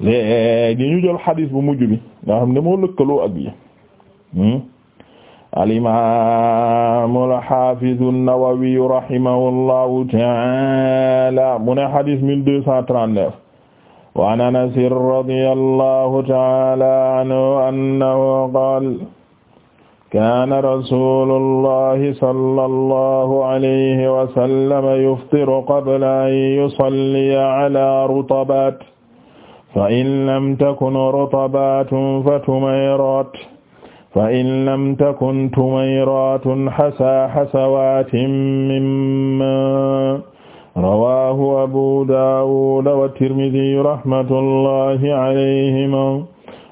léegi ñu jël xadis bu mujj bi nga xam ne moo lëkkaloo ak yi hmm? al-imaam al-haafiz an-Nawawi rahimahullahu ta'ala mu ne xadis 1239 wa an Anas radiyallahu ta'ala anhu annahu qaala kaana rasuulullahi sallallahu alayhi wa sallam yuftiru qabla an yusalliya ala rutabat fa in lam takun rutabatun fa tumayrat fa in lam takun tumayratun hasa hasawatin mimma rawahu abu dawud wa tirmidhi rahmatullahi alayhima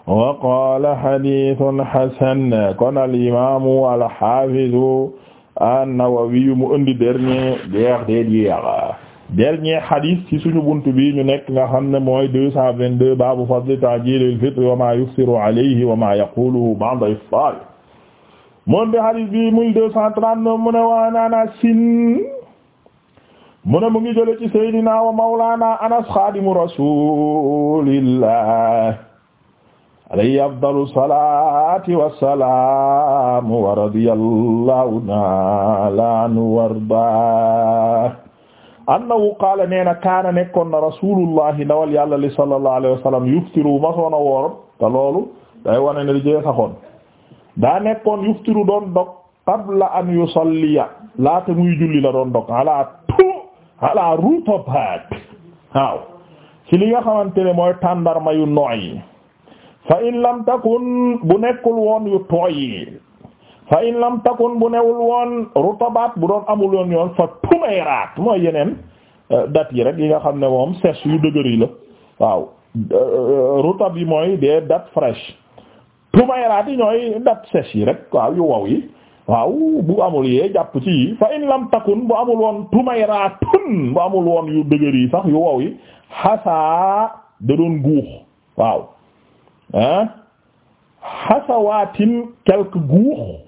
wa qala hadithun hasan kon alimamu alhafizu an-nawawi mu indi dernier der de diera dernier hadith ci suñu buntu bi ñu nekk nga xam ne mooy deux cent vingt-deux baabu fadli ta'jilil fitr wa ma yufsiru alayhi wa ma yaquluhu ba'da iftar moom bi hadith bi muy deux cent trente-neuf mu ne waa naana sin mu ne mu ngi jële ci seydina wa mawlana anas xadimu rasulillah alayhi afdalu salati wassalamu wa radiyallahu ta'ala anhu warda annahu qaala nee na kaana nekkoon na rasulullahi na yàlla li sallallahu alayhi wa sallam yuftiru masoon a woor te loolu day ne lijee daa nekkoon yuftiru doon dog qabla an yusalliya laata muy julli la doon dog ala tu ala rutabat waaw ci li nga xamante ne mooy tàndarma yu nooy fa lam takun bu nekkul woon yu fa in lam takun bu newul woon rutabaat bu doon amul woon yoon fa tumayraat mooy yeneen euh, dat yi rek yi nga xam ne moom sèche yu dëgër yi la waaw euh, rutab yi mooy des dates fraîches tumayraat yi ñooy dates sèches yi rek waaw yu wow yi waaw bu amul yee jàpp ci yi fa in lam takun bu amul woon tumayraatun bu amul woon yu dëgër yi sax yu wow yi xasaa da doon guux waaw ah xasawaatin quelque guux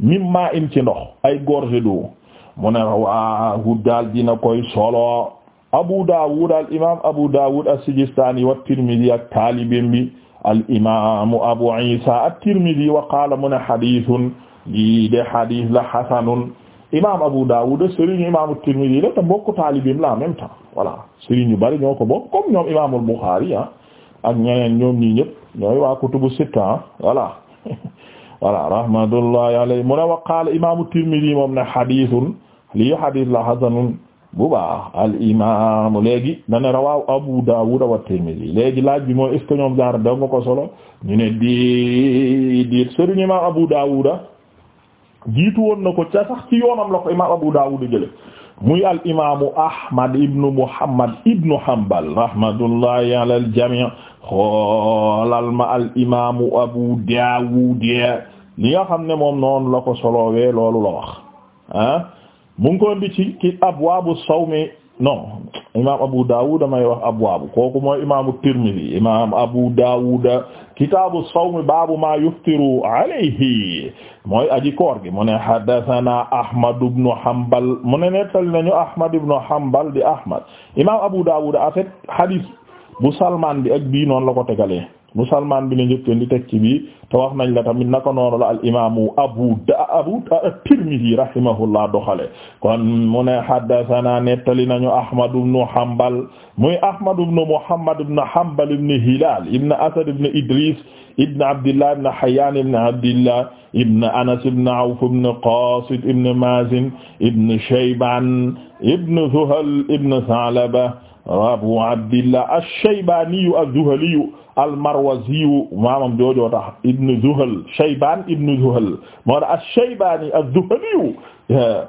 mimma in ci ndox ay gorge d'eau mu ne waahu daal dina koy solo Abu Dawud al imam Abu Dawud as-Sijistani wa Tirmidhi ak taalibin bi al imamu Abu Isa at-Tirmidhi wa qaala mu ne hadithun lii de hadith la hasanun imam Abu Dawud sëriñu imam at-Tirmidhi la la en même temps bari ñoo ko bokk comme imam al-Bukhari ah, ak ñeneen ñoom ñii ñëpp ñooy waa kutubu sitta ah, voilà voilà rahmatullahi alayhi mu ne wa qaala imaamu moom ne xadiisun lii xadiis la xasanun bu al imaamu léegi na ne Abu Daawuda wa Tirmidi léegi laaj bi mooy ñoom jaar da ko solo ñu ne di diit sëriñ Abu Daawuda jiitu woon ko ca sax yoonam la ko Abu Daawuda jële muy al imaamu Ahmad ibnu Muhammad ibnu Hanbal rahmatullahi ala al jamii xoolal ma al imaamu abu daawud li nga xam ne moom noonu la ko solowee loolu la wax ah mu ngi ko indi ci ci abwaabu sawmi non imaam abu daawud damay wax abwaabu kooku mooy imaamu tirmidhi imaam abu daawud kitaabu sawmi baabu ma yuftiru alayhi mooy aji koor gi mu ne haddathana ahmad ibn hanbal mu ne nettali nañu ahmad ibn hanbal di ahmad imaam abu daawud en hadith bu salmaan bi ak bi noonu la ko tegalee bu salman bi la njëkk di teg te wax nañ la tamit naka noonu la al imaamu abu da abu at-Tirmidhi rahimahullah doxale kon mu ne haddathana nettali nañu ahmad ibn hanbal muy ahmad ibn muhammad ibn hanbal ibn hilal ibn asad ibn idris ibn abdillah ibn hayyan ibn abdillah ibn anas ibn awf ibn qasid ibn mazin ibn shayban ibn zuhal ibn salaba Abu Abdillah ash-Shaybaniyu az-Zuhaliyu al-Marwaziyu maamam joojoo tax Ibn Zuhal Shayban Ibn Zuhal moo tax ash-Shaybani az-Zuhaliyu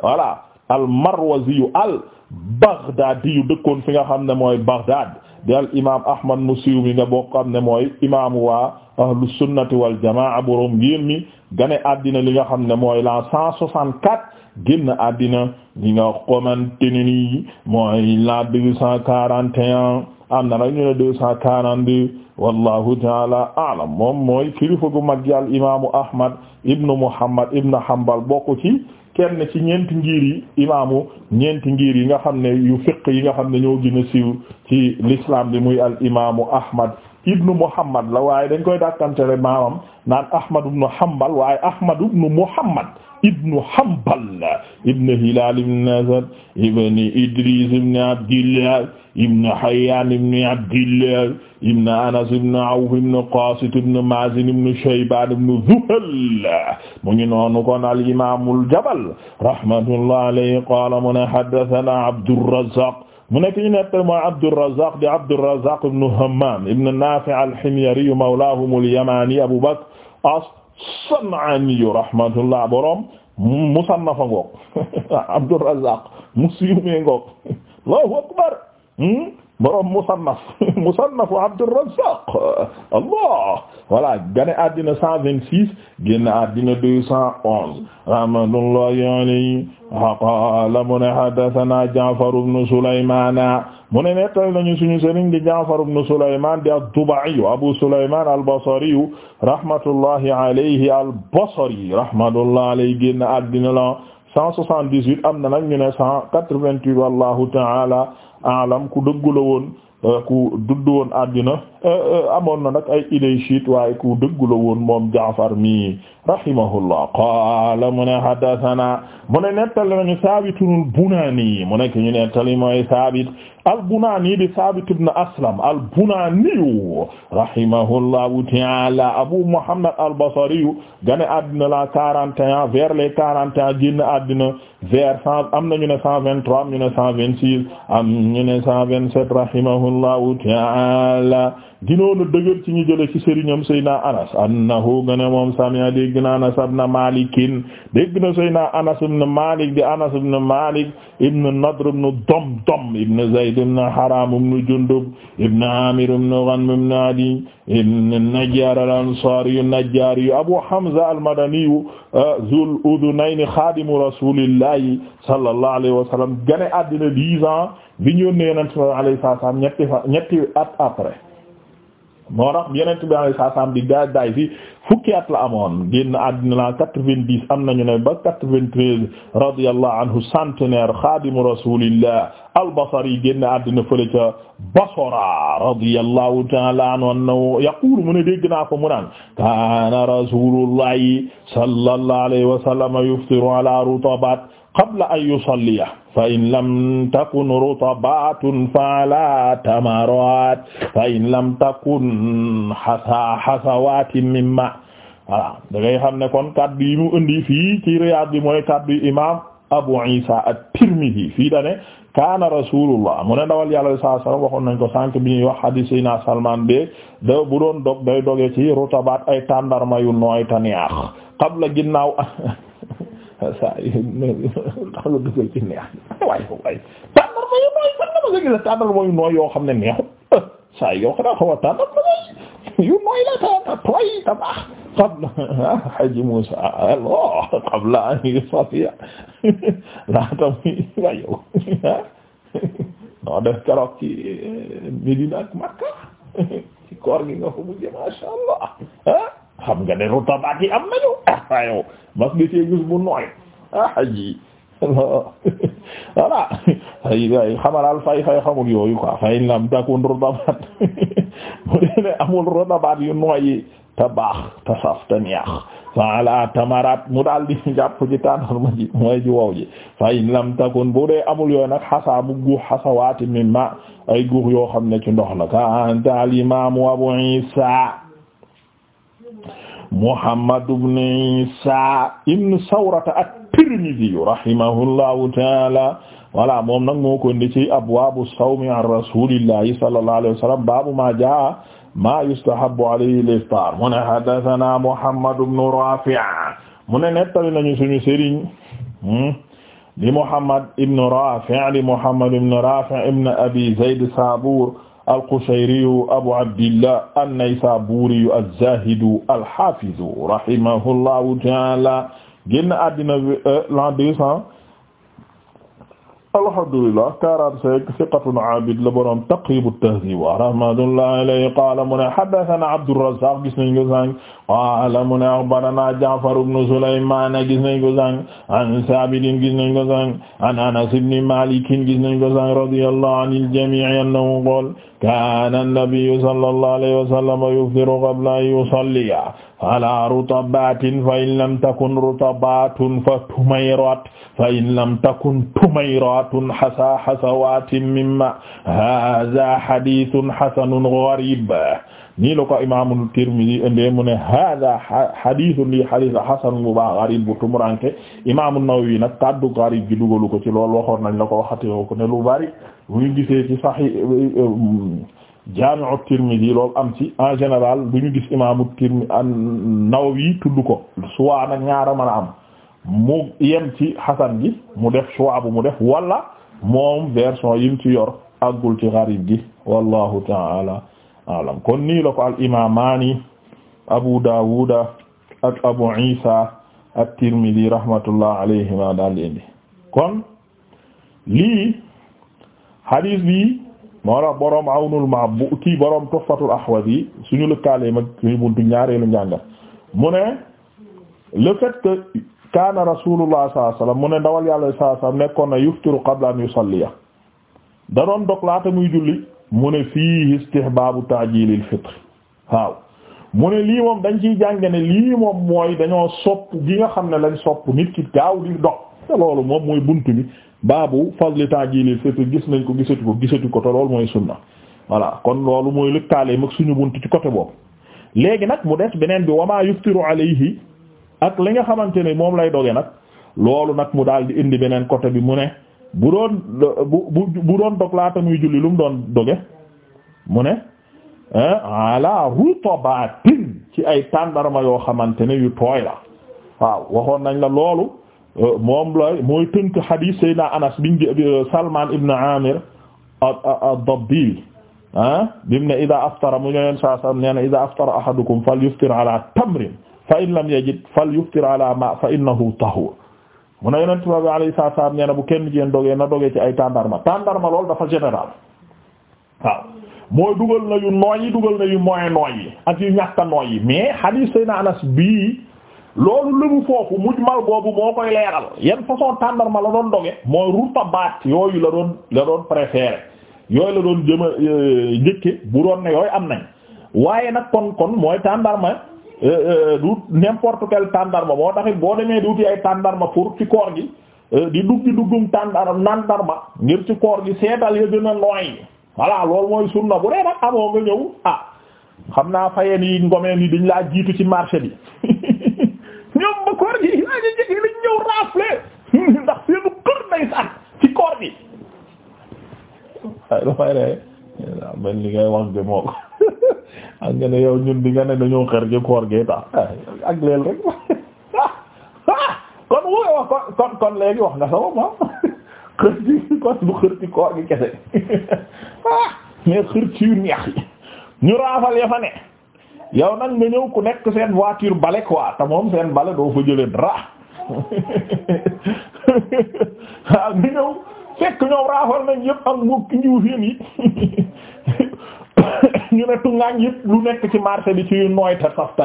voilà al-Marwaziyu al-Baghdadiyu dëkkoon fi nga xam ne mooy Baghdad di al imaam Ahmad Musiw mi nga bokk xam ne mooy imaamu waa ahlu sunnati wal jamaa borom ngir mi gane addina li nga xam ne mooy la 164. génn àddina ñi nga xamante ne mooy la deux cent am na nag ñu ne deux cent quarante deux wallahu taala aalam moom mooy kilifa gu mag gi al imaamu ahmad ibnu muhammad ibnu hanbal bokk ci kenn ci ñeenti ngir yi imaamu ñeenti ngir yi nga xam ne yu yi nga xam ne ñoo gën a siiw ci l'islam bi muy al imaamu ahmad ibnu muhammad la waaye dañ koy dàkkantele maamam naan ahmad ibnu hanbal waaye ahmad ibnu muhammad ibnu Hanbal ibnu Hilaal ibnu Asad ibnu Idriis ibnu Abdillah ibnu Hayyaan ibnu Abdillah ibnu Anas ibnu Awf ibnu Qaasit ibnu Maazin ibnu Shaybaan ibnu Zuhal mu ngi noonu kon al-Imaamul Jabal rahmatullahi alayhi qaala mu ne haddathanaa Abdurrazzaaq mu nekk ñu nett mooy Abdurrazaq di Abdurrazaq ibn Hammam ibn Nafi' al-Himyari mawlahum al-Yamani Abu Bakr San'aani rahmatullah borom musannafa ngoog Abdurrazzaq mu siiw mee ngoog Allahu akbar hmm? borom musannaf musannaf Abdurrazzaq allah voilà gane addina cent vingt six génn addina deux cent onze rahmatullahi alayhi qaala mu ne haddathana Ja'far ibn Sulaymaan mu ne nettali nañu suñu sëriñ di Ja'far ibn Sulaymaan di ad-Duba'i Abu Sulaymaan al-Basri rahmatullahi alayhi al-Basri rahmatullahi alayhi génn addina la cent soixante-dix-huit am na nag ñu ne cent quatre-vingt-huit wallahu ta'ala alam ku dëggu la woon ku dudd woon àddina Euh, euh, amoon na nag ay idée chiite waaye ku dëggu woon moom Jaafar mi rahimahullah qaala mu ne haddathana mu ne nettali nañu Saabitun mu nekk ñu nettali mooy Saabit al-Bunaani di Saabit ibn Aslam al-Bunaani rahimahullahu ta'ala Abu Muhammad al-Basri gane àddina la quarante et un vers les quarante et un génn àddina vers cent am na ñu ne cent vingt-trois am ñu ne cent vingt-six am ñu ne cent vingt-sept rahimahullahu ta'ala ginoon a dëgër ci ñu jële ci sëriñam Seydina Anas annahu gëna moom sami'a dégg na Anas ibn Malik dégg na Seydina Anas ibn Malik di Anas ibn Malik ibn Nadr ibn Damdam ibn Zayd ibn Haram ibn Jundub ibn Amir ibn Ghanm ibn Adi ibn Najjar al-Ansari an-Najjari Abu Hamza al-Madani ah, zul udunayn khadimu rasulillahi sallallahu alayhi wa sallam gane àddina dix ans bi ñu yónnee Yonent sallallahu alayhi wa sallam ñetti ñetti at après moo tax yeneen bi alayhi salaam di gaa daay fi fukki at la amoon génn àddina la quatre-vingt-dix am nañu ne ba quatre-vingt-treize radiyallahu anhu centenaire xaadimu rasulillah al-Basri génn àddina fële ca Basra radiyallahu ta'ala anhu annahu yaqulu mu ne dégg naa ko mu naan kaana rasulullahi sallallahu alayhi wa sallam yuftiru ala rutabat qabla an yusalliya fa in lam takun rutabatun fala tamarat fa in lam takun hasa hasawatin mimma voilà da ngay xam ne kon kaddu yi mu indi fii ci Riyad bi mooy kaddu imam Abu Isa at-Tirmidhi fii dane kaana rasulullah mu ne ndawal yàlla sallallahu alayhi wasallam waxoon nañ ko sànq bi ñuy wax hadis yi naa Salman be da bu doon dog day doge ci rutabat ay tàndarma yu nooy ta neex qabla ginnaaw saa ndax nga dugal ci neex waay waay ma yu nooy fan nga ma gis tàndar ma yu nooy yoo xam ne neexut i yoo xam ne xaw a tàndar ma yu nooy la ta tooy ta baax qabla haji Musa Allah qabla an yusafiya laata muy wayow non def keroog ci Medina ak Makka ci koor gi nga fa mujje masha Allah xam nga ne rutabaat yi am nañu ah yow mas nga cee gis bu nooy ah ji ay ay xamalaal fay fay xamul yooyu quoi fay lam takun rutabaat bu dee ne amul rutabaat yu nooy baax te mu daal di jàpp ci tàndarma ji ji wow ji fay lam bu dee amul yooyu nag xasaa bu guux xasawaati min ma ay guux yoo xam ne ci ndox ka anta al imaamu abu isa Muhammad ibn Isa ibn Sawrata at-Tirmidhi rahimahullahu taala voilà moom nag moo ko indi ci abwaabu sawmi an rasulillahi sallallahu alayhi wa sallam baabu ma jaa ma yustahabbu alayhi al-iftar mu ne haddathana Muhammad ibn Rafi' mu ne nettali nañu suñu sëriñ hmm, di Muhammad ibn Rafi' di Muhammad ibn Rafi' ibn Abi Zayd Sabur al-Qushayriyu Abu Abdillah an-Naysaburiyu az-Zahidu al-Hafizu rahimahullahu ta'ala génn àddina euh, l'an deux cent alhamdulillah quarante-cinq thiqatun abid la borom Taqrib at-Tahdhib rahmatullahi alayhi qala mu ne haddathana Abdurrazzaq gis nañ ko sànq qala mu ne akhbarana Ja'far ibn Sulayman gis nañ ko sànq an Sabit gis nañ ko sànq an Anas ibn Malik gis nañ ko sànq radiyallahu anil jami' annahu qala kaana nabiyyu sallallahu alayhi wa sallam yuftiru qabla an yusalliya ala rutabatin fa in lam takun rutabatun fa tumayrat fa in lam takun tumayratun hasa hasawatin mimma hadha hadithun hasanun gharib nii la ko imaamu Tirmidhi indee mu ne hada hadithun li hadith hasan bu baax gharib bu tumuranke imaamu Nawawi nag kaddu gharib gi dugalu ko ci loolu waxoon nañ la ko waxati ko ne lu bari bu ñu gisee ci sahih jaami'u Tirmidhi loolu am ci en général bu ñu gis imaamu Tirmidhi Nawawi tudd ko soit nag ñaara mën a am mu yem ci hasan gi mu def soit bu mu def wala moom version yim ci yor àggul ci gharib gi wallahu ta'ala alam kon nii la ko al imamani abu dawuda ak abu isa at-tirmidhi rahmatullah alayhima daal indi kon lii hadis bi moo la borom awnul ma'bu kii borom tuhfatul ahwazi suñu lëkkaale mag suñu buntu ñaareelu njàngat mu ne le fait que kaana rasulullah sallallahu alayhi ndawal yàlla sallallahu alayhi wasallam nekkoon qabla an yusalliya da doon laata muy julli mu ne fii istihbaabu ta'jiilil fitr waaw mu ne lii moom dañ ciy jànge ne lii moom mooy dañoo sopp gi nga xam ne lañ sopp nit ki gaaw di dox te loolu moom mooy bunt bi baabu fadli ta'jiilil fitr gis nañ ko gisatu ko gisatu ko te loolu mooy sunna voilà kon loolu mooy lëkkaale mag suñu bunt ci côté boobu léegi nag mu des beneen bi wamaa yuftiru alayhi ak li nga xamante ne moom lay doge nag loolu nag mu daal di indi beneen côté bi mu ne bu doon bu bu doon dog muy julli lu doon doge mu ne ala rutabatin ci ay tàndarma yoo xamante ne yu tooy la waaw waxoon nañ la loolu euh, moom lay mooy tënk hadis Seydina Anas biñ euh, Salman ibn Amir ad-Dabbi ah bimu ne ida aftara mu ñoween saa sam nee na ida aftara ahadukum ala tamrin fa in lam yajid falyuftir ala ma fa innahu tahur mu ne yonent bi alayhi salaam nee na bu kenn jeen dogee na dogee ci ay tàndarma tàndarma loolu dafa général waaw mooy dugal na yu nooy yi dugal na yu moyen nooy yi ak yu ñàkk nooy yi mais hadith sayna Anas bii loolu lëbu foofu mujmal boobu moo koy leeral yan façon tàndarma la doon doge mooy rutabaat yooyu la doon la doon préféré yooyu la doon jëma euh, njëkke bu doon ne yooyu am nañ waaye nag kon kon mooy tàndarma Euh, euh, du n'importe quel tàndarma moo taxit boo demee di wuti ay tàndarma pour ci koor gi euh, di dugg duggum tàndaram nandarma ngir ci koor gi seetal ya gën a nooy voilà loolu mooy sunna bu dee nag amoo nga ñëw ah xam naa fayeen yi ngomeen yi dañ laa jiitu ci marché bi ñoom ba koor gi laa ñu jege lañ ñëw rafle ndax seenu kër nay sax ci koor gi dafay ree man li ngay wax de moo ko ak nga yow ñun di nga ne dañoo xer ci koor gee tax ak leel rek kon wooy wax kon kon kon léegi wax nga sama ma xër ci koor gi kese ah mais xër ci ñu raafal ya fa ne yow nag nga ku nekk seen voiture bale quoi te moom seen bale doo fa jëlee dara waaw nga ñëw fekk ñoom raafal nañ yëpp ak mu njiw fiin yi ñu ne tungaañ yëpp lu nekk ci marché bi ci yu nooy te saf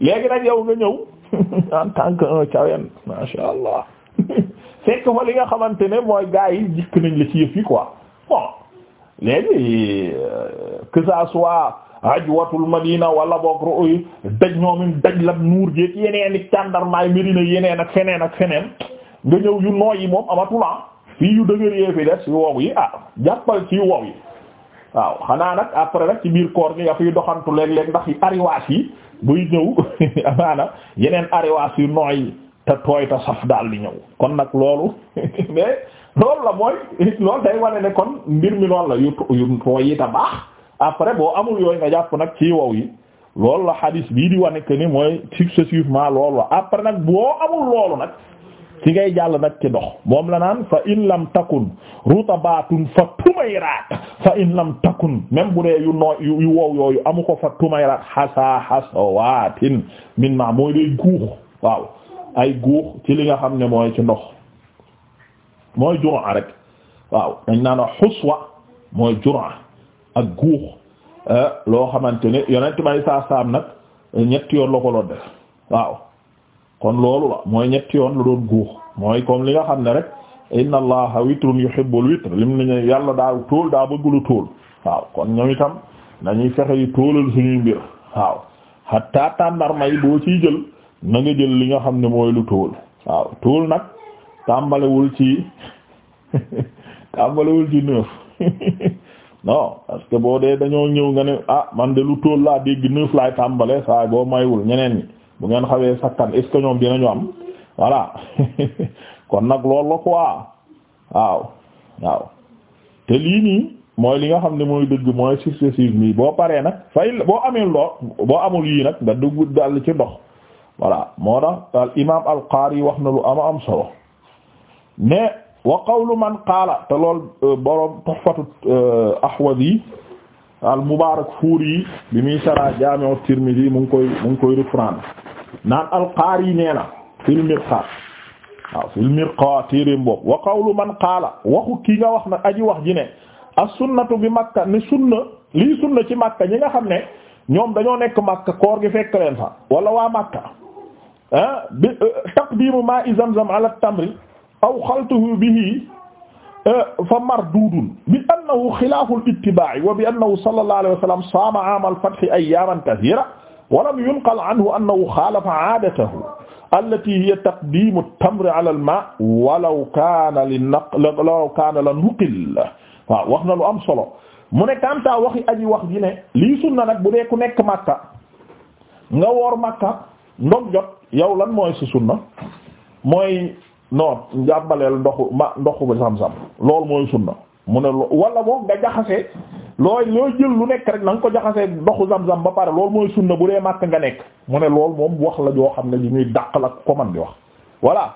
léegi nag yow nga ñëw en tant que un Thiawène masha Allah fekk fa li nga xamante ne mooy gars yi jikk nañ la ci yëf yi quoi bon léegi euh, que ça soit ajwatul madina wala boog ru'uy daj ñoomin daj la nuur géeg yeneen i tàndarmaay Medina yeneen ak feneen ak feneen nga ñëw yu nooy yi moom amatula ah. fii yu dëgër yee fi def si wow yi ah jàppal ci wow yi waaw xanaa nag après rek ci biir koor gi nga fiy doxantu léeg-léeg ndax yi ariwaas yi buy ñëw amaana yeneen ariwaas yu nooy te tooy te saf daal di ñëw kon nag loolu mais loolu la mooy loolu day wane ne kon mbir mi loolu la yu yu tooy yi te baax après boo amul yooyu nga jàpp nag ci wow yi loolu la xadiis bii di wane que ni mooy successivement loolu la après nag boo amul loolu nag ci ngay jàll nag ci ndox moom la naan fa in lam takun rutabatun fa tumayraat fa in lam takun même bu dee yu yu wow yooyu amu ko fa tumayraat xasa xasawatin min ma mooy day guux waaw ay guux ci li nga xam ne mooy ci ndox mooy jura rek waaw dañ naan xuswa mooy jura ak guux eh, loo xamante ne yonent may saa saam ñetti yoon la ko waaw kon loolu la mooy ñetti yoon lu doon guux mooy comme li nga xam ne rek inna allaha witrun yuhibbul witr lim ne ñu yàlla daa tóol daa bëgg lu tóol waaw kon ñoom itam dañuy fexe yu tóolal suñuy mbir waaw hatta tàndarma yi boo ciy jël na jël li nga xam ne mooy lu tóol waaw tóol nag tàmbalewul ci tàmbalewul ci neuf non parce que boo dee dañoo ñëw nga ne ah man de lu tóol laa dégg neuf laay tàmbale saa boo maywul ñeneen ñi bu ngeen xawee sakkan est ce que am voilà kon nag loolu la quoi waaw waaw te lii mooy li nga xam ne mooy dëgg mooy successive mii boo paree nag fay boo amee loo boo amul yii nag nga dugg dal ci ndox voilà moo tax al imaam al qaari wax na lu ama am solo mais wa qawlu man qaala te lool euh, borom tuhfatu euh, ahwazi al mubaarak fuuri bi muy sara jaami'u tirmidhi mu ngi koy mu ngi koy reprendre naan alqaari nee na fil mirqaat waaw fil mirqaat téeréem boobu wa qawlu man qaala waxu kii nga wax nag aji wax ji ne as-sunnatu bi makka ne sunna lii sunna ci makka ñi nga xam ne ñoom dañoo nekk makka koor gi fekk leen fa wala waa makka ah bi euh, taqdimu ma'i zamzam ala tamri aw xaltuhu bihi euh, fa mardudun bi annahu xilaafu al-ittiba'i wa bi annahu sallallahu alayhi wa sallam saama aam al-fathi ayyaman kathira walam yunqal anhu annahu xaalafa aadatahu allati hiya taqdimu at-tamri ala al-maa walaw kaana li naq walaw kaana la nuqil waaw wax na lu am solo mu ne kanta waxi aji wax ji ne lii sunna nag bu dee ku nekk Makka nga woor Makka ndog jot yow lan mooy si sunna mooy noon jàpbaleel ndoxu ma ndoxu ba sam-sam loolu mooy sunna mu ne wala moom nga jaxase looy looy jël lu nekk rek na nga ko jaxase ndoxu zam-zam ba pare loolu mooy sunna bu dee màkk nga nekk mu ne loolu moom wax la joo xam ne li ñuy dàq la ko man di wax voilà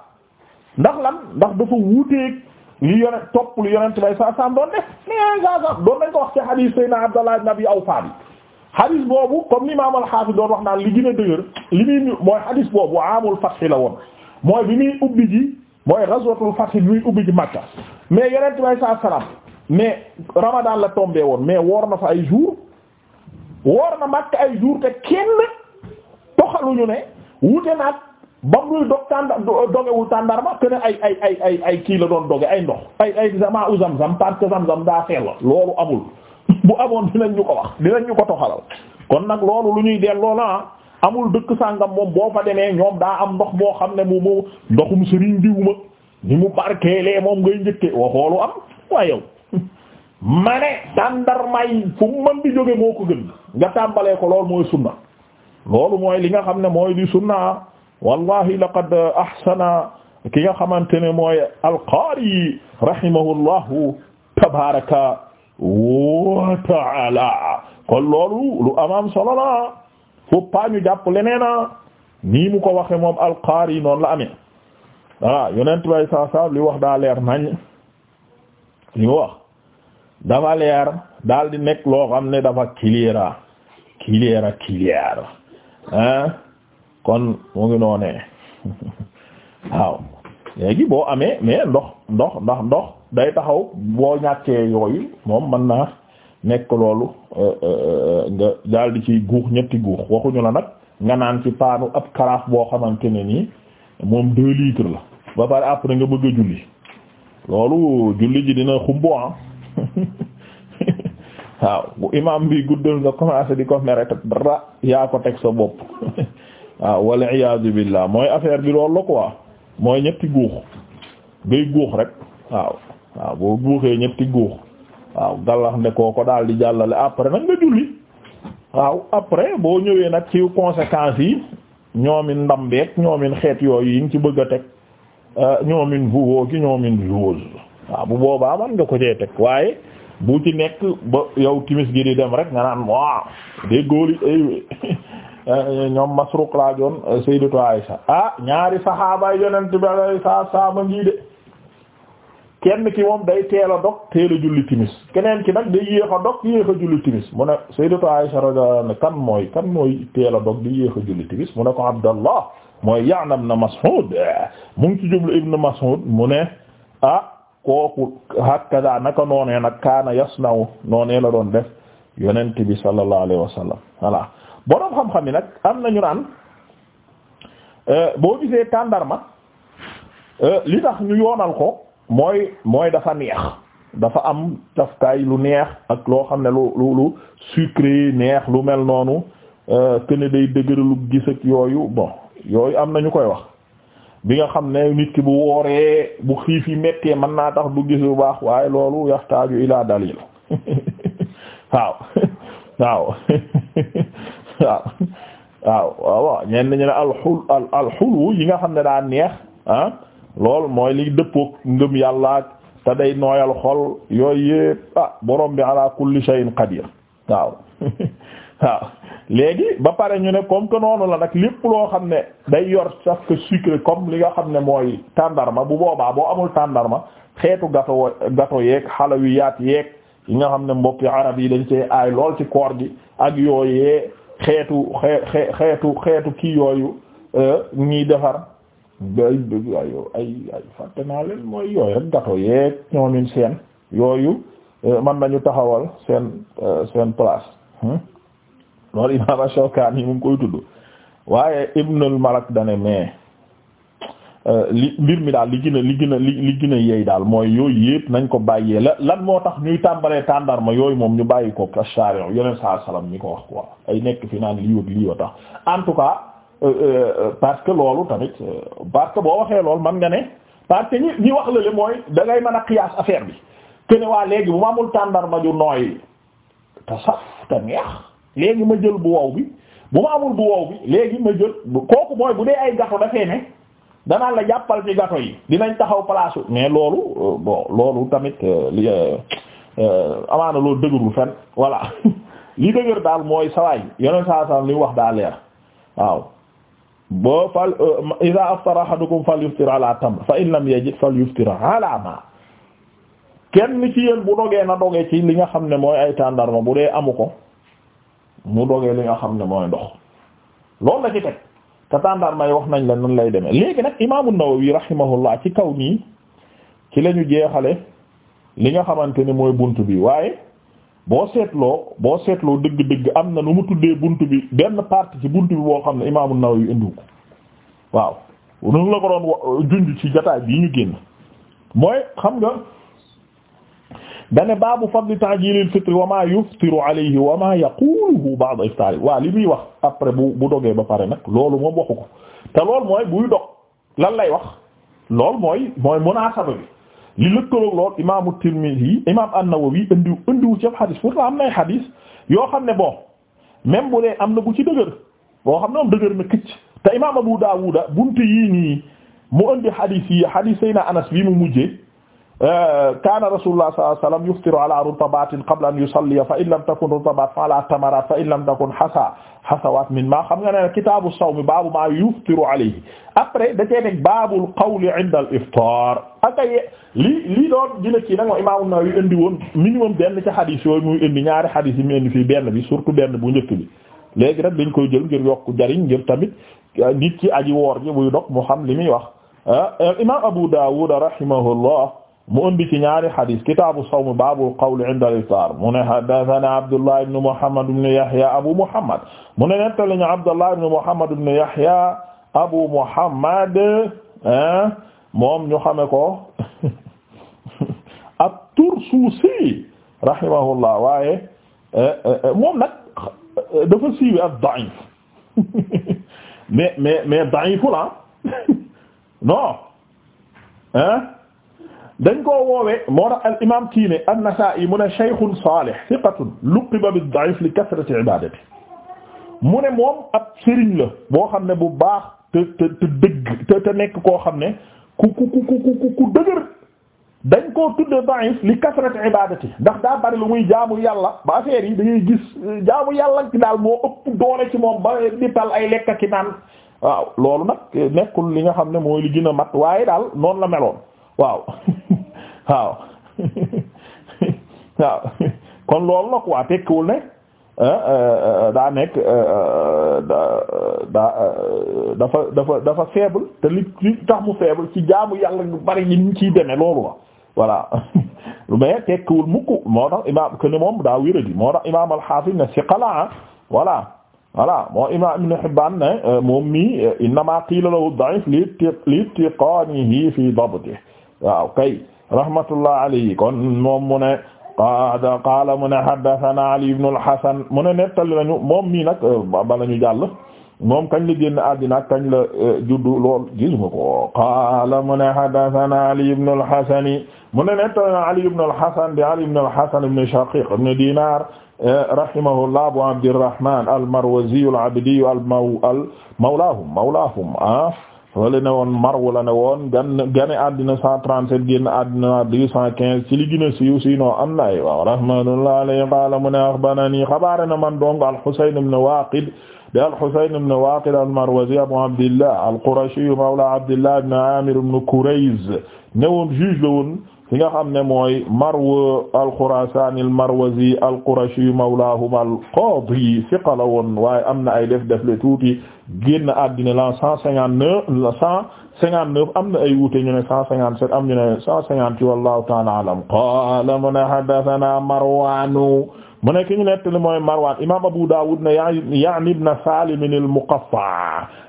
ndax lan ndax dafa wuuteeg li yone topp lu yonent bay sa sam doon def mais sa sam doon nañ ko wax ci naa sayna Abdallah ibn Abi Awfa bi hadith boobu comme l'imam al-Hafiz doon wax naa li gën a li muy mooy boobu amul fath la woon mooy bi muy mooy ghazwatul fath ñuy ubbi ci Makka mais yonent bay saa salaam mais Ramadan la tombé woon mais woor na fa ay jours woor na Makka ay jours te kenn ñu ne wute naag ba muy dog do dogewul tàndarma que ne ay ay ay ay ay kii la doon doge ay ndox ay ay zama u zam-zam parce zam-zam daa sell loolu amul bu amoon dinañ ñu ko wax dinañ ñu ko toxalal kon nag loolu lu ñuy delloo la amul dëkk sàngam moom boo fa demee ñoom daa am ndox boo xam ne mu mu ndoxum sëriñ diw ma ni mu barkeelee moom ngay njëkke wa xoolu am waaye yow ma ne tàndarmay fu di jóge moo ko gën nga tàmbalee ko loolu mooy sunna loolu mooy li nga xam ne mooy di sunna wallahi laqad ahsana ki nga xamante ne mooy alqaari rahimahullahu tabaraka wa taala kon loolu lu amaam solo faut pas ñu jàpp leneen ah. nii mu ko waxe moom alqaari noon la amee voilà yonent bay saa saa li wax daa leer nañ li wax dafa leer daal di nekk loo xam ne dafa kiliera ah. kiliera ah, kiliera hein kon mu ngi noone waaw léegi boo amee mais ndox ndox ndax ndox day taxaw boo ñàkkee yooyu moom mën naa nekk loolu euh, euh, euh, nga daal ci ciy guux ñetti guux waxuñu la nag nga naan ci paanu ab karaaf boo xamante ne nii moom deux la ba pare après nga bëgg a julli loolu julli ji dina xumbo ah waaw bu imaam bi guddal nga commencé di ko mere dara yaa ko teg sa bopp waaw wal iyaadu billah mooy affaire bi loolu la quoi mooy ñetti guux ngay guux rek waaw waaw boo guuxee ñetti guux. waaw gallax ne koo ko daal di jàllale après nag nga julli waaw après boo ñëwee nag ci conséquences yi ñoomin ndambeeg ñoomin xeet yooyu yi ñu ci bëgg a teg euh, ñoomin vouo ki ñoomin vouose waaw bu boobaa man nga ko cee teg waaye bu ci nekk ba yow timis gi di dem rek nga naan waaw des góoli ay ñoom masruq laa joon Sayyidatu Aisha ah ñaari saxaaba yonent bi alayhi salaam ngi de kenn ki moom day teel a dog teel a julli timis keneen ki nag day yéex a dog yéex a julli timis mu ne sayyidatu Aisha radhiyallahu anha kan mooy kan mooy teela a dog di yéex a julli timis mu ne ko Abdallah mooy Ya'na ibn Mas'ud mu ngi ci jublu ibn Mas'ud mu ne ah kooku hakada naka noonee nag kaana yasna'u noonee la doon def yonent bi sallallahu alayhi wa sallam voilà boroom xam-xam yi nag am nañu naan eh, boo gisee tàndarma eh, li tax ñu yoonal ko mooy mooy dafa neex dafa am cafkaay lu neex ak loo xam ne lu lu lu sucré neex lu mel noonu këne euh, day dëgëralu gis ak yooyu bon yooyu am na ñu koy wax bi nga xam ne nit ki bu wooree bu xiif yi mettee mën naa tax du gis bu baax waaye loolu yaxtaaju ilaa dalil waaw waaw waaw waaw waaw ñenn ñu ne alxul alxulu yi nga xam ne daa neex ah lool mooy liy dëppook ngëm yàllaak te day nooyal xol yooy yëpp ah borom bi ala kulli shay'in léegi ba pare ñu ne comme noonu la nag lépp loo xam ne day yor saf que comme li nga xam ne mooy tàndarma bu boobaa boo amul tàndarma xeetu gato gato yeeg xalawiyaat yeeg yi nga xam ne mbokki arab yi dañ cee aay lool ci koor gi ak yooyee xeetu xeetu xeetu kii yooyu euh, ñiy defar ay dëgg ay ay ay fàtte naa leen mooy yooyu rek gato yeeg ñoomin seen yooyu eh, man nañu taxawal seen eh, seen place hmm? loolu imaam Ashokani mu ngi koy tudd waaye Ibnul Malak dane mais eh, li mbir mi daal li gën li gën li li gën a yeey daal mooy yooyu yëpp nañ ko bàyyee la lan moo tax ñuy tàmbalee tàndarma yooyu moom ñu bàyyi ko ashari yeneen saa salaam ñi ko wax quoi ay nekk fi naan lii wëg lii wa tax en Euh, euh, parce que loolu tamit euh, parce que boo waxee loolu man nga ne parce que ñi ñi wax la le mooy da ngay a qiyaas affaire bi que ne waa léegi bu ma amul ma ju nooy te saf te neex léegi ma jël bu wow bi bu ma amul bu wow bi léegi ma jël kooku mooy bu dee ay gato dafee ne danaan la jàppal ci gato yi dinañ taxaw place mais loolu bon loolu tamit li amaana loolu dëgërul fenn voilà li dëgër daal mooy sawaay yeneen saa saa li wax daa leer waaw boo fal euh, iza aftara ahadukum falyuftir ala tam fa in lam yajid falyuftir ala ma kenn ci yéen bu dogee na doge ci li nga xam ne mooy ay tàndarma bu dee amu ko mu dogee li nga xam ne mooy ndox loolu la ci teg te tàndarma yi wax nañ la nan lay demee léegi nag imaamu Nawawi rahimahullah ci kaw nii ci la ñu jeexale li nga xamante ne mooy bunt bi waaye boo seetloo boo seetloo dëgg-dëgg am na lu mu tuddee bunt bi benn partie ci bunt bi boo xam ne imaamu Nawawi indiwu ko waaw nu la ko doon junj ci jotaay bii ñu génn mooy xam nga dane baabu fadli ta'jilil fitri wa ma yuftiru alayhi ma yaquluhu ba'da iftari waaw li muy wax après bu bu dogee ba pare nag loolu moom waxu ko te lool mooy buy dox lan lay wax lool mooy mooy munaasaba bi li lëkkaloog lool imaamu Tirmidhi imaam An-Nawawi indi indiwu ci xadis pourtant am nay xadis yoo xam ne bon même bu dee am na bu ci dëgër boo xam ne moom dëgër na këcc te imaam Abu Dawuda buntu yii nii mu indi xadis yi xadis Seyna Anas bi mu mujjee. Euh, kaana rasulullah sallallahu alayhi wasallam yuftiru ala rutabatin qabla an yusalli fa in lam takun rutabat fa ala tamarat fa in lam takun hasa hasawat min ma xam nga ne kitaabu sawmi baabu ma yuftiru alayhi après da cee nekk baabul qawli inda al iftar aka ye lii lii doon dina kii nag moo imaamu Nawawi indi woon minimum benn ci hadis yooyu muy indi ñaari hadis yi mu indi fii benn bi surtout benn bu njëkk bi léegi rek dañ koy jël ngir yokk jariñ ngir tamit euh, nit ki aji woor ji buy dog mu xam li muy wax euh, imam Abu Dawud rahimahullah mu indi ci ñaari xadis kitaabu sawm baabul qawl inda al-iftaar mu ne haddathana Abdullah ibn Muhammad ibn Yahya Abu Muhammad mu ne nettali ñu Abdullah ibn Muhammad ibn Yahya Abu Muhammad moom ñu xame ko at-Tursusi rahimahullah waaye eh, eh, eh, moom nag dafa siiwee ad-da'if mais mais mais da'iful non hein dañ ko woowee moo tax al imaam tiine an-Nasaa'i mu ne shaykhun saalih thiqatun luqiba bid-da'if li kasrati ibaadati mu ne moom ab sëriñ la boo xam ne bu baax te te te nekk koo xam ne ku ku ku ku ku dëgër dañ koo tuddee da'if li kasrati ibaadati ndax daa bari muy jaamu yàlla ba affaire yi dañuy gis jaamu yàlla ci daal moo ëpp doole ci moom ba di tal ay lekk ki naan waaw loolu nag nekkul li nga xam ne mooy li gën a mat waaye daal noonu la meloon. waaw waaw waaw kon loolu la quoi tekkiwul ne euh, euh, euh, daa nekk daa dafa dafa dafa faible te li tax mu faible ci jaamu yàlla yu bari yi ñu ciy demee loolu la voilà mais tekkiwul mukk moo imaam que ne moom daa wéradi moo tax imaam al ne si xalaat voilà voilà moo imaam Ibn Hibbaan ne moom mii innamaa qiila lahu da'if li tiqaanihi fi dabtihi waaw kay rahmatullah alayhi kon moom mu ne qada qaala mu ne haddathana ali ibn al-hasan mu ne nettali nañu moom mii nag euh, bala ñu jàll moom kañ la génn àddina ak kañ la euh, juddu lool gis nga ko qaala mu ne haddathana ali ibn al-hasan mu ne nettali na ali ibn al-hasan di ali ibn al-hasan ibn shaqiq ibn dinar euh, rahimahullah abu abdirrahman al-marwazi al-abdi al mawlahum mawlahum ah. wala ne woon Marw la ne woon gan gane àddina 137 génn àddina 215 ci li gën a siiw sinon am na ay waaw rahmatullahi alayhi qaala mu ne axbarani xabaare na man dong al-Husayn ibn Waaqid de al-Husayn ibn Waaqid al-Marwazi Abu Abdillah al-Qurashi mawla Abdillah ibn Amir ibn Kurayz ne woon fi nga xam ne mooy Marw al-Khurasani al-Marwazi al-Qurashi mawlahum al-Qadi siqa la woon waaye am na ay def def le tuuti génn àddina la cent cinquante-neuf la cent cinquante-neuf am na ay wuute ñu ne cent cinquante-sept am ñu ne cent cinquante wallahu ta'ala a'lam qala mu ne haddathana Marwanu mu ne ki ñu nettali mooy Marwan imam Abu Dawud ne yani ibn Salim al-Muqaffa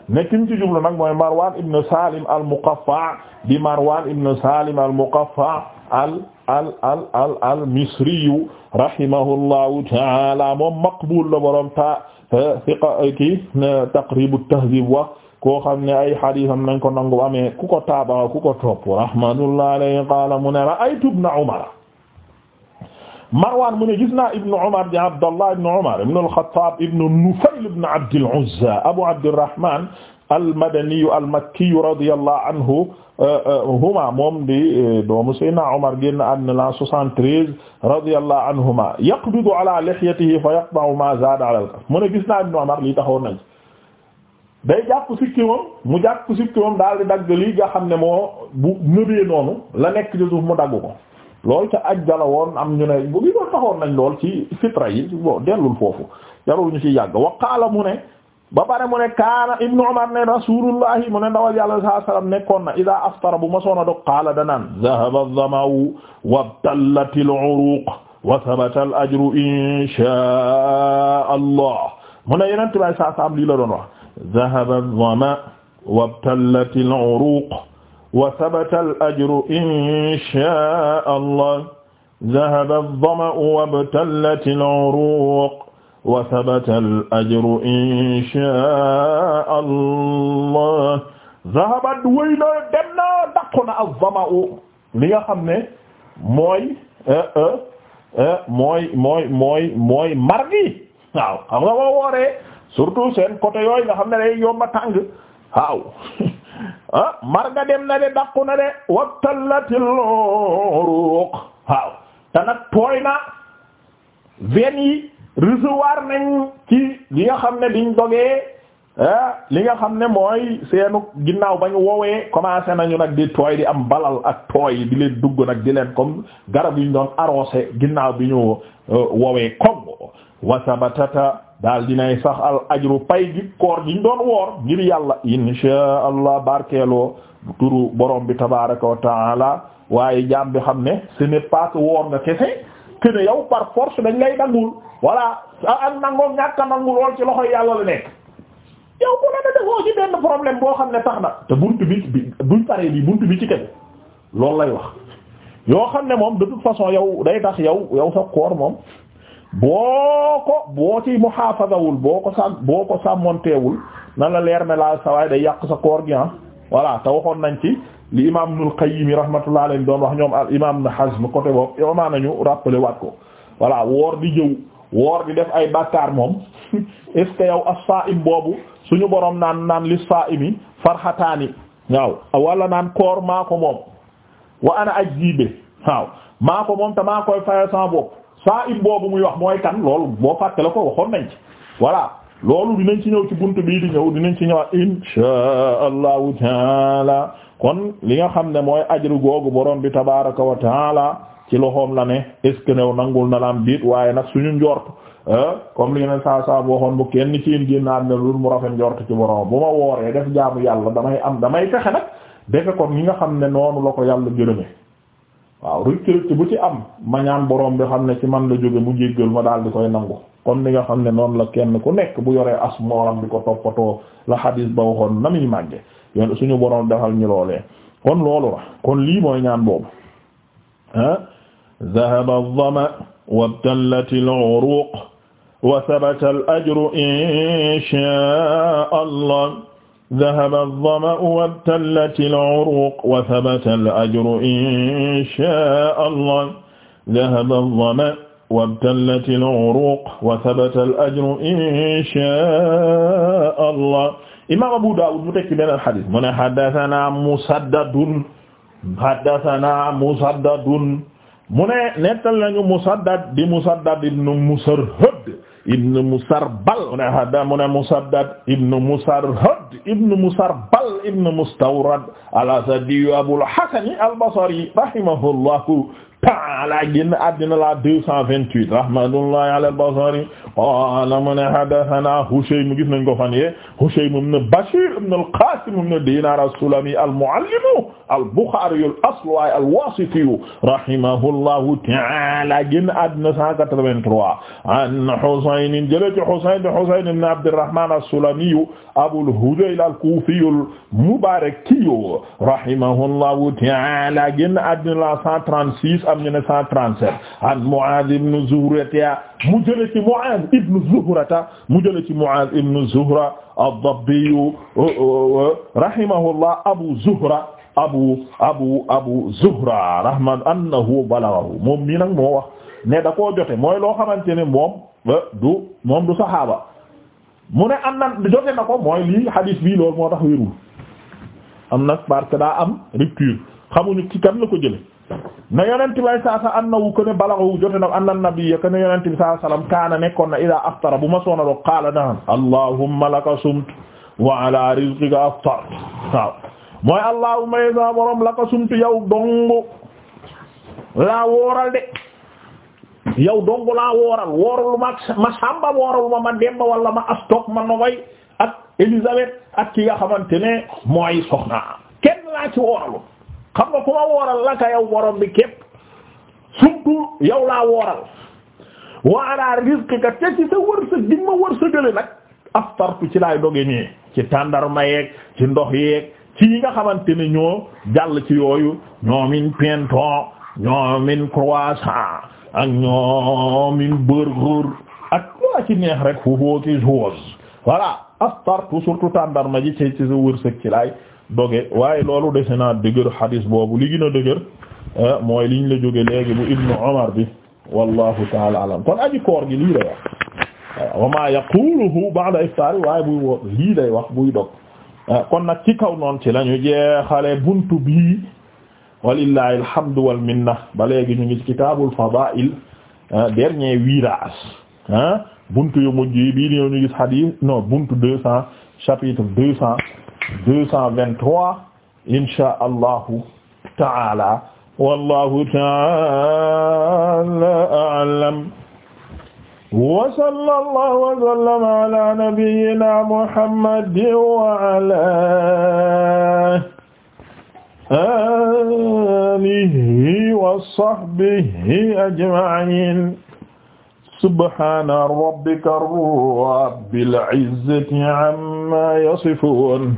ne kim ci jublu nag mooy Marwan ibn Salim al-Muqaffa di Marwan ibn Salim al-Muqaffa al al al al al misriyu rahimahullahu taala moom maqbul la borom ta fiqa ki taqrib at-tahdhib wa koo xam ne ay hadiisam nañ ko nangu amee ku ko taaba ku ko topp rahmatullahi alayhi qaala mu ne ra'aytu ibn Umar Marwan mu ne gis naa Ibn Umar di Abdallah Ibn Umar Ibn al-Khattab Ibn Nufayl Ibn Abd al-Uzza Abu Abdirrahman al-Madani al-Makki radiyallahu anhu euh, euh, huma moom di euh, doomu Seydina Umar génn àddina la 73 radiyallahu anhuma yaqbidu ala lihyatihi fa yaqta'u ma zada ala al-kaf mu ne gis naa Ibn Umar lii taxaw nañ day jàpp sikki moom mu jàpp sikki moom daal di dagg lii nga xam ne moo bu nëbee noonu la nekk ci suuf mu dagg ko. lool ca aj gala am ñu bu ngi doon taxoon nañ lool ci fitra yi bon dellul foofu yarul ñu ci yàgg wa qaala mu ne ba pare mu ne kaana ibnu umar ne rasulullahi mu ne ndawal yàlla saa sallam nekkoon na ida aftara bu ma soona dog qaala danaan zahaba adh-dhama'u wabtallati al-uruq wa thabata al-ajru insha allah mu ne yenent bay saa saam lii la wa sabata al ajru inshaa allah dahaba ad-dama'u wabtallat al-uruq wa sabata al ajru inshaa allah dahabat wéy na dem na dàqu na ad-dama'u li nga xam ne mooy eh, eh, eh, mooy mooy mooy mooy mar gi waaw xam nga boo wooree surtout seen côté yooyu nga xam ne day yomba tàng waaw ah mar nga dem na de dàqu na de wabtallatil uruq waaw te nag tooy na veines yi nañ ci li nga xam ne diñ dogee ah, li nga xam ne mooy seenu ginnaaw ba ñu woowee commencé nañu nag di tooy di am balal ak tooy di leen dugg nag di leen comme garab yi ñu doon arrosé ginnaaw bi ñu euh, woowee kong wasabata daal dinay sax al ajru pay gi koor gi doon woor ngir yàlla insha allah barkeeloo turu borom bi tabaraka wa waaye jaam bi xam ne ce n'est pas woor nga kese que ne par force dañ lay nangul voilà am nangoo ñàkk a nangul lool ci loxoy yàlla la nekk yow ku la na defoo ci benn problème boo xam ne tax na te buntu bi buñ paree bi buntu bi ci tegu loolu lay wax yoo xam ne moom de toute façon yow day tax yow yow sa koor moom boo ko boo ci muhaafadawul boo ko sàn boo ko sàmmonteewul na la leer ne laal sawaay day yàq sa koor gi ah voilà te waxoon nañ ci li imaam Ibnul Qayyim rahmatullah alayhi doon wax ñoom al imaam Ibn Hazm côté boobu yow maa nañu rappelé waat ko voilà woor di jëw woor di def ay bàkkaar moom est ce que yow as boobu suñu borom naan naan li saa'imi farxataani waaw wala naan koor maa ko moom wa ana ajzibe waaw maa ko moom te maa koy fayal sama saa im boobu muy wax mooy kan loolu boo fàtte la ko waxoon nañ ci voilà loolu dinañ ci ñëw ci buntu bii di ñëw dinañ ci ñëwaat insha allahu taala kon li nga xam ne mooy ajru googu borom bi tabaraka wa taala ci loxoom la ne est ce que new nangul na laam biit waaye nag suñu njort eh, comme li ngeen saa saa waxoon bu kenn ci yéen génn na loolu mu rafet njort ci borom bu ma wooree def jaamu yàlla damay am damay fexe nag defe kon ñi nga xam ne noonu la ko yàlla gërëme waaw rëcc rëcc bu ci am ma ñaan borom bi xam ne ci man la jóge mu jéggal ma daal di koy nangu comme ni nga xam ne noonu la kenn ku nekk bu yoree as mooram di ko toppatoo la xadiis ba waxoon na muy màgge yoon suñu boroom defal ñu loolee kon loolu la kon lii mooy ñaan boobu ah dhahaba adh-dhama wabtallat al-uruq wa thabata al-ajru insha Allah dahaba ad-dama'u wabtallati al-uruq wa thabata al-ajru inshaa Allah dahaba ad-dama'u wabtallati al-uruq wa thabata al-ajru inshaa Allah imaam Abu Daawud mu tekki beneen hadiis mu ne haddasanaa Musaddadun haddasanaa Musaddadun mu ne nettal nañu Musaddad di Musaddad ibn Musarhad ibn Musarbal mu ne hada mu ne Musaddad ibn Musarhad ibn Musarbal ibn Mustawrad al-Asadi Abul Hasan al-Basri rahimahullahu ta'ala génn àddina la 228 rahmatullahi ala al-Basri qaala mu ne haddasanaa Hushaym gis nañ ko fan yee Hushaym ibn Bashiir ibn al-Qaasim ibn Diinaar as-Sulami al-muallimu al-Buxaariyu al-asluwaayu al-Waasitiyu rahimahullahu ta'aala génn àddina 183 an Husayn jëlee ci Husayn di Husayn ibn Abdirrahmaan as-Sulamiyu Abul Hudayl al-Kuufiyu al-Mubaarakiyu rahimahullahu ta'aala génn àddina 136 am ñu ne 137 an Mu'aaz ibn Zuhra mu jëlee ci Mu'aaz ibnu Zuhrata mu jële ci Mu'aaz ibnu Zuhra ad-Dabbi uh, uh, uh, rahimahullah Abu Zuhra abu abu abu Zuhra rahman annahu moom mii nag moo wax ne da koo jote mooy loo xamante ne moom du moom du saxaaba mu ne am na jote na ko mooy lii hadis bii loolu moo tax wérul am nag daa am rupture xamuñu ci kan la ko jële na yonent bi saa sa annahu ko ne balaghu jote na anna nabiyya bi saa salaam kaana nekkoon na bu ma soona doog yow dong laa wooral wooral ma ma sàmba ma ma demba wala ma astok ma nogoy ak Elisabeth ak ki nga xamante ne mooy soxna kenn laa ci xam nga ku wooral la ka yow borom bi képp surtout yow laa wooral wa ala rizqika te ci sa wërsëg di ma wërsëgale nag aftartu ci lay doge nii ci tàndarma yeeg ci ndox yeeg ci yi nga xamante ne ñoo jàll ci yooyu ñoomin pinton ñoomin croissant ñoomin burger ak loo ci neex rek fu foo ki chose voilà aftartu surtout tàndarma ji ci wërsëg ci laay doge waaye loolu dese naa dëgër xadis boobu li gën a dëgër eh, mooy liñ la jóge léegi bu ibnu Umar bi wallahu taala alam kon aji koor gi lii day wax eh, wa ma yaquluhu ba'da waaye buy woo lii day wax buy dog eh, kon nag ci kaw noon ci lañu jeexale buntu bi walillahi alhamdu wal minna ba léegi ñu ngi ci kitaabul fadaa'il dernier virage ah buntu yu mujj yi bii ñu gis hadith non buntu deux cents chapitre deux cents deux cent vingt-trois insha allahu taala wallahu taala a'lam wa sallallahu wa sallama ala nabiyyina muhammadin wa ala alihi wa sahbihi ajma'in subhana rabbika rabbil izzati amma yasifun